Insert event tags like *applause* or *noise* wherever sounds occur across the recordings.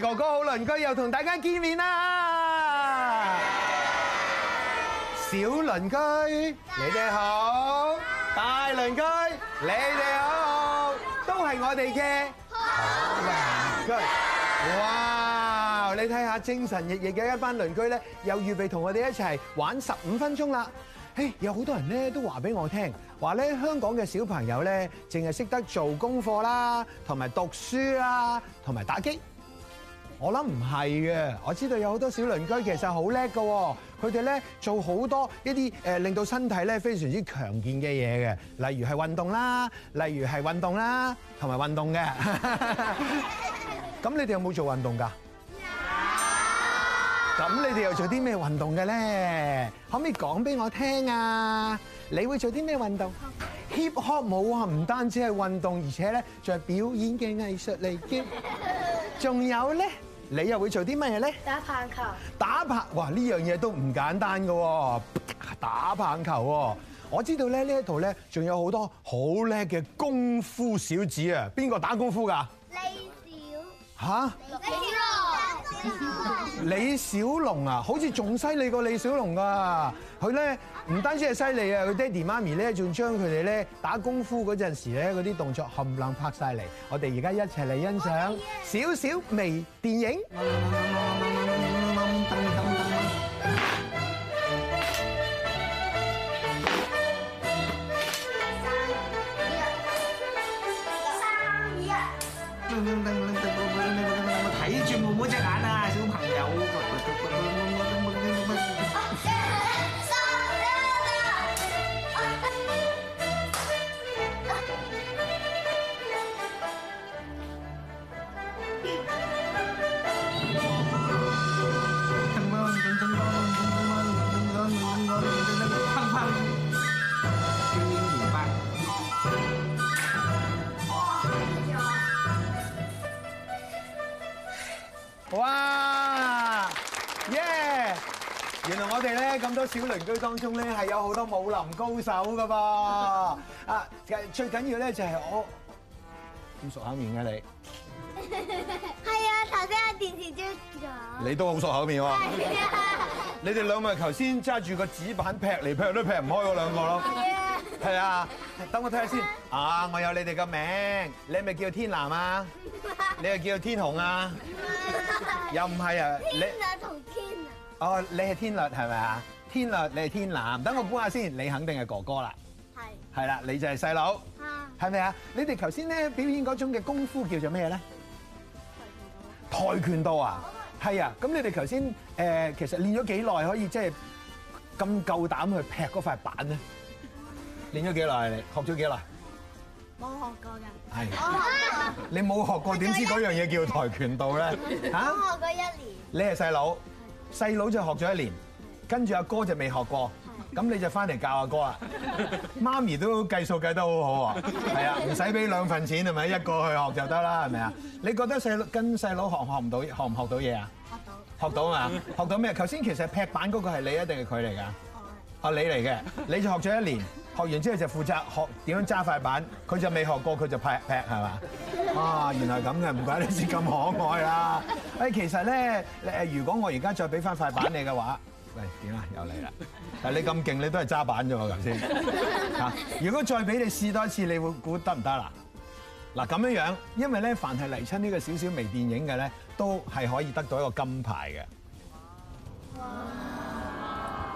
哥哥好，鄰居又同大家見面啦！小鄰居你哋好，大鄰居你哋好，都係我哋嘅好鄰居。哇！你睇下精神奕奕嘅一班鄰居咧，又預備同我哋一齊玩十五分鐘啦。誒，有好多人咧都話俾我聽，話咧香港嘅小朋友咧，淨係識得做功課啦，同埋讀書啦，同埋打機。我諗唔係嘅，我知道有好多小鄰居其實好叻㗎，佢哋咧做好多一啲誒令到身體咧非常之強健嘅嘢嘅，例如係運動啦，例如係運動啦，同埋運動嘅。咁 *laughs* 你哋有冇做運動㗎？有。咁你哋又做啲咩運動嘅咧？可唔可以講俾我聽啊？你會做啲咩運動好？Hip hop 舞啊，唔單止係運動，而且咧仲係表演嘅藝術嚟嘅。仲 *laughs* 有咧？你又會做啲乜嘢咧？打棒球。打棒，哇！呢樣嘢都唔簡單嘅喎，哦，打棒球喎，哦。 *laughs* 我知道咧，這一呢一套咧仲有好多好叻嘅功夫小子啊。邊個打功夫㗎？李小。吓，啊？李小，李小龍李小龍啊，好似仲犀利過李小龍噶。佢咧唔單止係犀利啊，佢爹哋媽咪咧仲將佢哋咧打功夫嗰陣時咧嗰啲動作冚唪唥拍晒嚟。我哋而家一齊嚟欣賞小小微電影。原來我哋咧咁多小鄰居當中咧係有好多武林高手噶噃啊！其、啊、實最緊要咧就係我咁熟口面嘅你，係 *laughs* 啊！頭先喺電視追嘅，你都好熟口面喎。 *laughs* *laughs* 你哋兩個頭先揸住個紙板劈嚟劈，來劈都劈唔開嗰兩個咯。係 *laughs* 啊！等、啊、我睇下先 *laughs* 啊！我有你哋嘅名，你係咪叫天藍啊？ *laughs* 你係叫天紅啊？ *laughs* *laughs* 又唔係啊？天同、啊哦，你係天律係咪啊？天律，你係天藍。等我估下先，你肯定係哥哥啦。係。係啦，你就係細佬。嚇。係咪啊？你哋頭先咧表演嗰種嘅功夫叫做咩咧？跆拳道。跆拳道啊？係啊。咁你哋頭先誒，其實練咗幾耐可以即係咁夠膽去劈嗰塊板咧？練咗幾耐啊？你學咗幾耐？冇學過㗎。係。你冇學過點知嗰樣嘢叫跆拳道咧？嚇？學過一年。你係細佬。細佬就學咗一年，跟住阿哥就未學過，咁你就翻嚟教阿哥啦。媽咪都計數計得好好喎，係啊，唔使俾兩份錢，係咪？一個去學就得啦，係咪啊？你覺得細跟細佬學學唔到，學唔學到嘢啊？學到，學到啊！學到咩？頭先其實劈板嗰個係你一定係佢嚟㗎？係，你嚟嘅，你就學咗一年，學完之後就負責學點樣揸塊板，佢就未學過，佢就劈劈係嘛？啊，原來咁嘅，唔怪你先咁可愛啦，誒！其實咧，如果我而家再俾翻塊板你嘅話，喂、哎，點啊？又嚟啦！但你咁勁，你都係揸板啫嘛，頭先嚇、啊、如果再俾你試多一次，你會估得唔得啦？嗱，咁、啊、樣樣，因為咧，凡係嚟親呢個小小微電影嘅咧，都係可以得到一個金牌嘅。哇！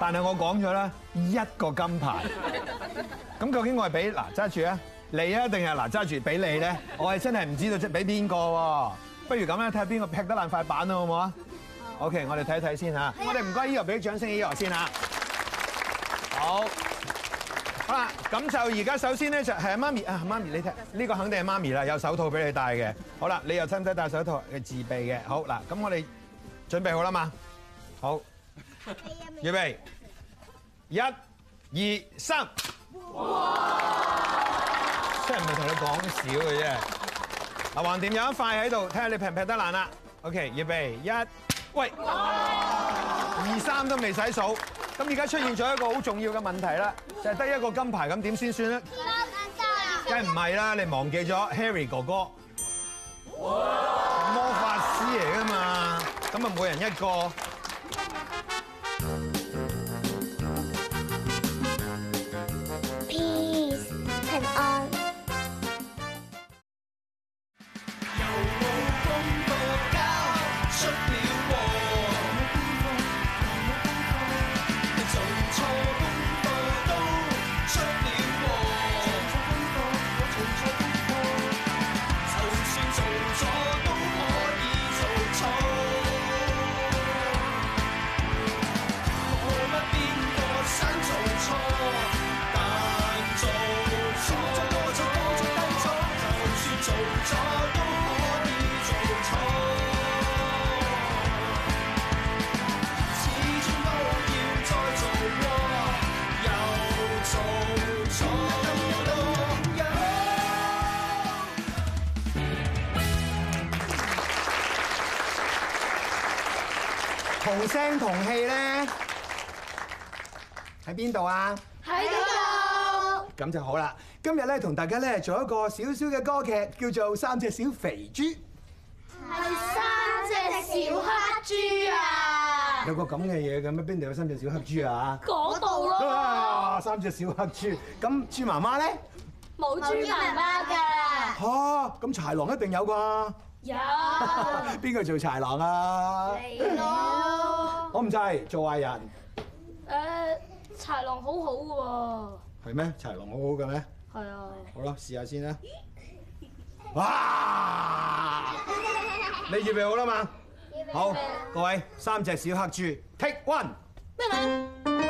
但係我講咗啦，一個金牌。咁究竟我係俾嗱揸住啊？你啊，定係嗱揸住俾你咧？ *laughs* 我係真係唔知道即係俾邊個喎？不如咁樣，睇下邊個劈得爛塊板啦，好唔好啊？OK，我哋睇一睇先吓。哎、呀我哋唔該，呢度俾掌聲，哎、呀依度先吓。好，好啦，咁就而家首先咧就係媽咪啊，媽咪你睇，呢、呢個肯定係媽咪啦，有手套俾你戴嘅。好啦，你又使唔使戴手套？係自備嘅。好嗱，咁我哋準備好啦嘛？好，預備，一、二、三。我咪同你講少嘅啫，嗱橫掂有一塊喺度，睇下你劈唔劈得爛啦。OK，預備一，喂，二三都未使數，咁而家出現咗一個好重要嘅問題啦，就係得一個金牌咁點先算咧？二個金牌，梗係唔係啦？你忘記咗 Harry 哥哥，魔法師嚟噶嘛？咁啊，每人一個。同戲咧喺邊度啊？喺嗰度。咁就好啦。今日咧同大家咧做一個少少嘅歌劇，叫做《三隻小肥豬》。係三隻小黑豬啊！有個咁嘅嘢嘅咩？邊度有三隻小黑豬啊？嗰度咯。三隻小黑豬，咁豬媽媽咧？冇豬媽媽㗎。吓、啊！咁豺狼一定有啩？有。邊個 *laughs* 做豺狼啊？你咯。我唔制，做壞人。誒、uh，豺狼好好嘅喎。係咩？豺狼好好嘅咩？係啊。好啦，試下先啦。哇、 *laughs* 啊！你預備好啦嘛？預備 好，備各位，三隻小黑豬，take one。咩？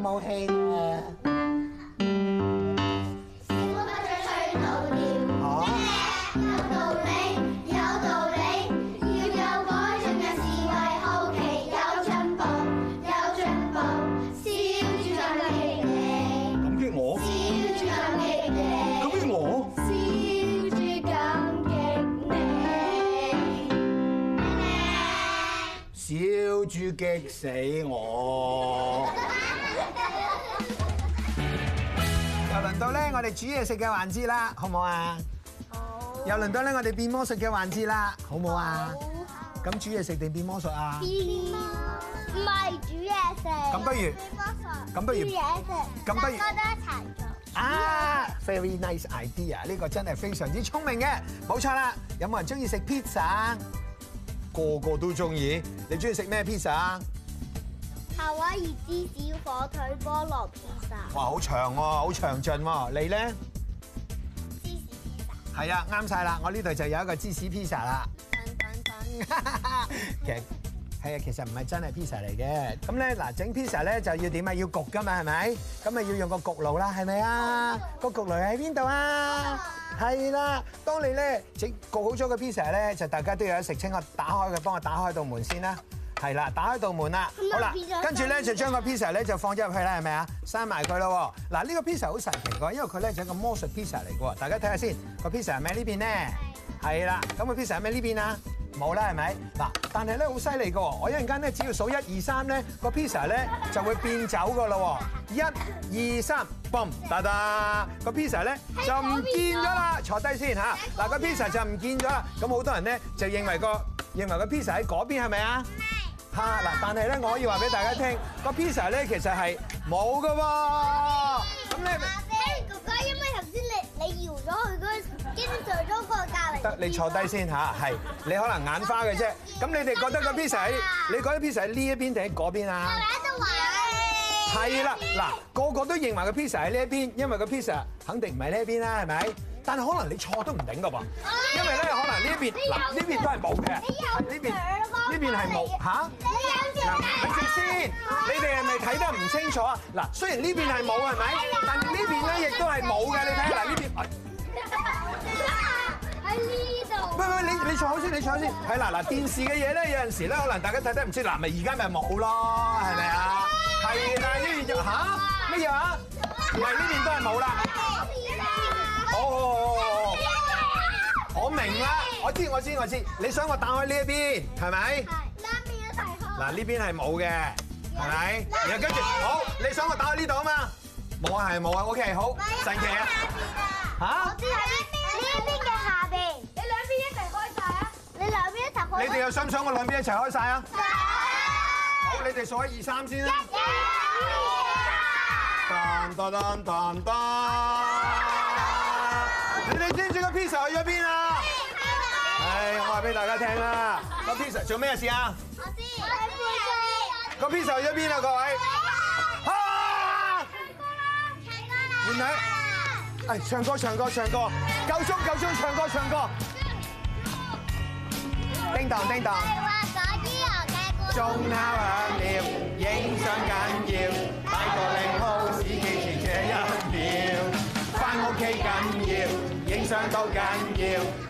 武器呢？好。感激我。感激我。笑住感激你。笑住激，激死我。我哋煮嘢食嘅環節啦，好唔好啊？好。又輪到咧，我哋變魔術嘅環節啦，好唔好啊？好。咁煮嘢食定變魔術啊？變，唔係煮嘢食。咁不如？變魔術。咁不如？煮嘢食。咁不如？大家一齊做。啊！Very nice idea，呢個真係非常之聰明嘅，冇錯啦。有冇人中意食 pizza？個個都中意。你中意食咩 pizza？可以芝士火腿菠蘿 pizza。哇，好長喎，好長盡喎，你咧？芝士 pizza。係啊，啱晒啦，我呢度就有一個芝士 pizza 啦。噔、嗯嗯嗯、 *laughs* 其實係啊，其實唔係真係 pizza 嚟嘅。咁咧嗱，整 pizza 咧就要點啊？要焗噶嘛，係咪？咁啊要用個焗爐啦，係咪啊？個、嗯、焗爐喺邊度啊？係啦、嗯，當你咧整焗好咗個 pizza 咧，就大家都有食清我打開佢，幫我打開道門先啦。係啦，打開道門啦，好啦，跟住咧就將個 pizza 咧就放咗入去啦，係咪啊？閂埋佢咯。嗱，呢個 pizza 好神奇嘅，因為佢咧係一個魔術 pizza 嚟嘅。大家睇下先，個 pizza 係咩呢邊咧？係啦，咁個 pizza 係咩呢邊啊？冇啦，係咪？嗱，但係咧好犀利喎！我一陣間咧只要數一二三咧，個 pizza 咧就會變走㗎咯。一、二、三，boom！嗒嗒，個 pizza 咧就唔見咗啦。坐低先嚇，嗱個 pizza 就唔見咗啦。咁好多人咧就認為個認為個 pizza 喺嗰邊係咪啊？是啊嗱，但係咧，我可以話俾大家聽，爸爸個披薩咧其實係冇嘅喎。咁爸你爸爸，哥哥，因為頭先你你搖咗佢，跟住咗個隔籬。得，你坐低先吓，係你可能眼花嘅啫。咁你哋覺得個披薩，你覺得披薩喺呢一邊定喺嗰邊啊？係咪都話咧？係啦了，嗱爸，個個都認為個披薩喺呢一邊，因為個披薩肯定唔係呢一邊啦，係咪？但係可能你錯都唔頂㗎噃，哎、因為咧。呢邊嗱，呢邊都係冇嘅，呢邊呢邊係冇嚇，嗱，咪住先，你哋係咪睇得唔清楚啊？嗱，雖然呢邊係冇係咪？但呢邊咧亦都係冇嘅，你睇下嗱，呢邊喺呢度。喂喂，你你坐好先，你坐好先。係嗱嗱，電視嘅嘢咧，有陣時咧，可能大家睇得唔清，嗱咪而家咪冇咯，係咪啊？係啦，呢邊就嚇乜嘢呀？唔係呢邊都係冇啦。哦哦哦哦哦，我明啦。我知我知我知，你想我打開呢一邊係咪？兩邊一齊開。嗱，呢邊係冇嘅，係咪？然後跟住好，你想我打開呢度啊嘛？冇啊，係冇啊，OK 好神奇啊！嚇，我知喺呢邊呢邊嘅下邊。你兩邊一齊開曬啊！你兩邊一齊開。你哋想唔想我兩邊一齊開曬啊？想啊！好，你哋數一二三先啦。一、二、三。噹噹噹噹。你哋知唔知個披薩，一邊。俾大家聽啦，個 pizza 做咩事啊？我知，個 pizza 去咗邊啊？各位，唱歌啦！兒女，係唱歌，唱歌，唱歌，夠鐘，夠鐘，唱歌，唱歌。叮當，叮當。鐘敲響了，影相緊要，拍個靚 pose 記住這一秒，返屋企緊要，影相都緊要。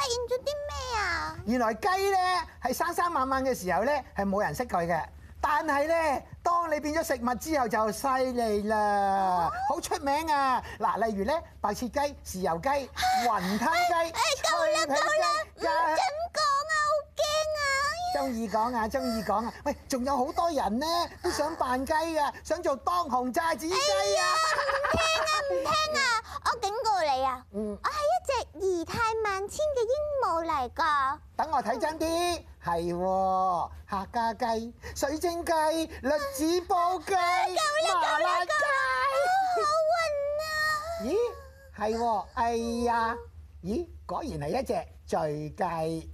發現咗啲咩啊？原來雞咧係生生猛猛嘅時候咧係冇人識佢嘅，但係咧當你變咗食物之後就犀利啦，好出名啊！嗱，例如咧白切雞、豉油雞、雲吞雞、脆皮雞，夠啦夠啦！唔准講啊，好驚啊！中意講啊，中意講啊！喂，仲有好多人咧都想扮雞啊，想做當紅炸子雞啊！唔聽啊，唔聽啊！我警告你啊，嗯，我係。等我睇真啲，係客家雞、水晶雞、栗子煲雞、麻辣雞，好暈啊！咦，係喎，哎呀，咦，果然係一隻醉雞。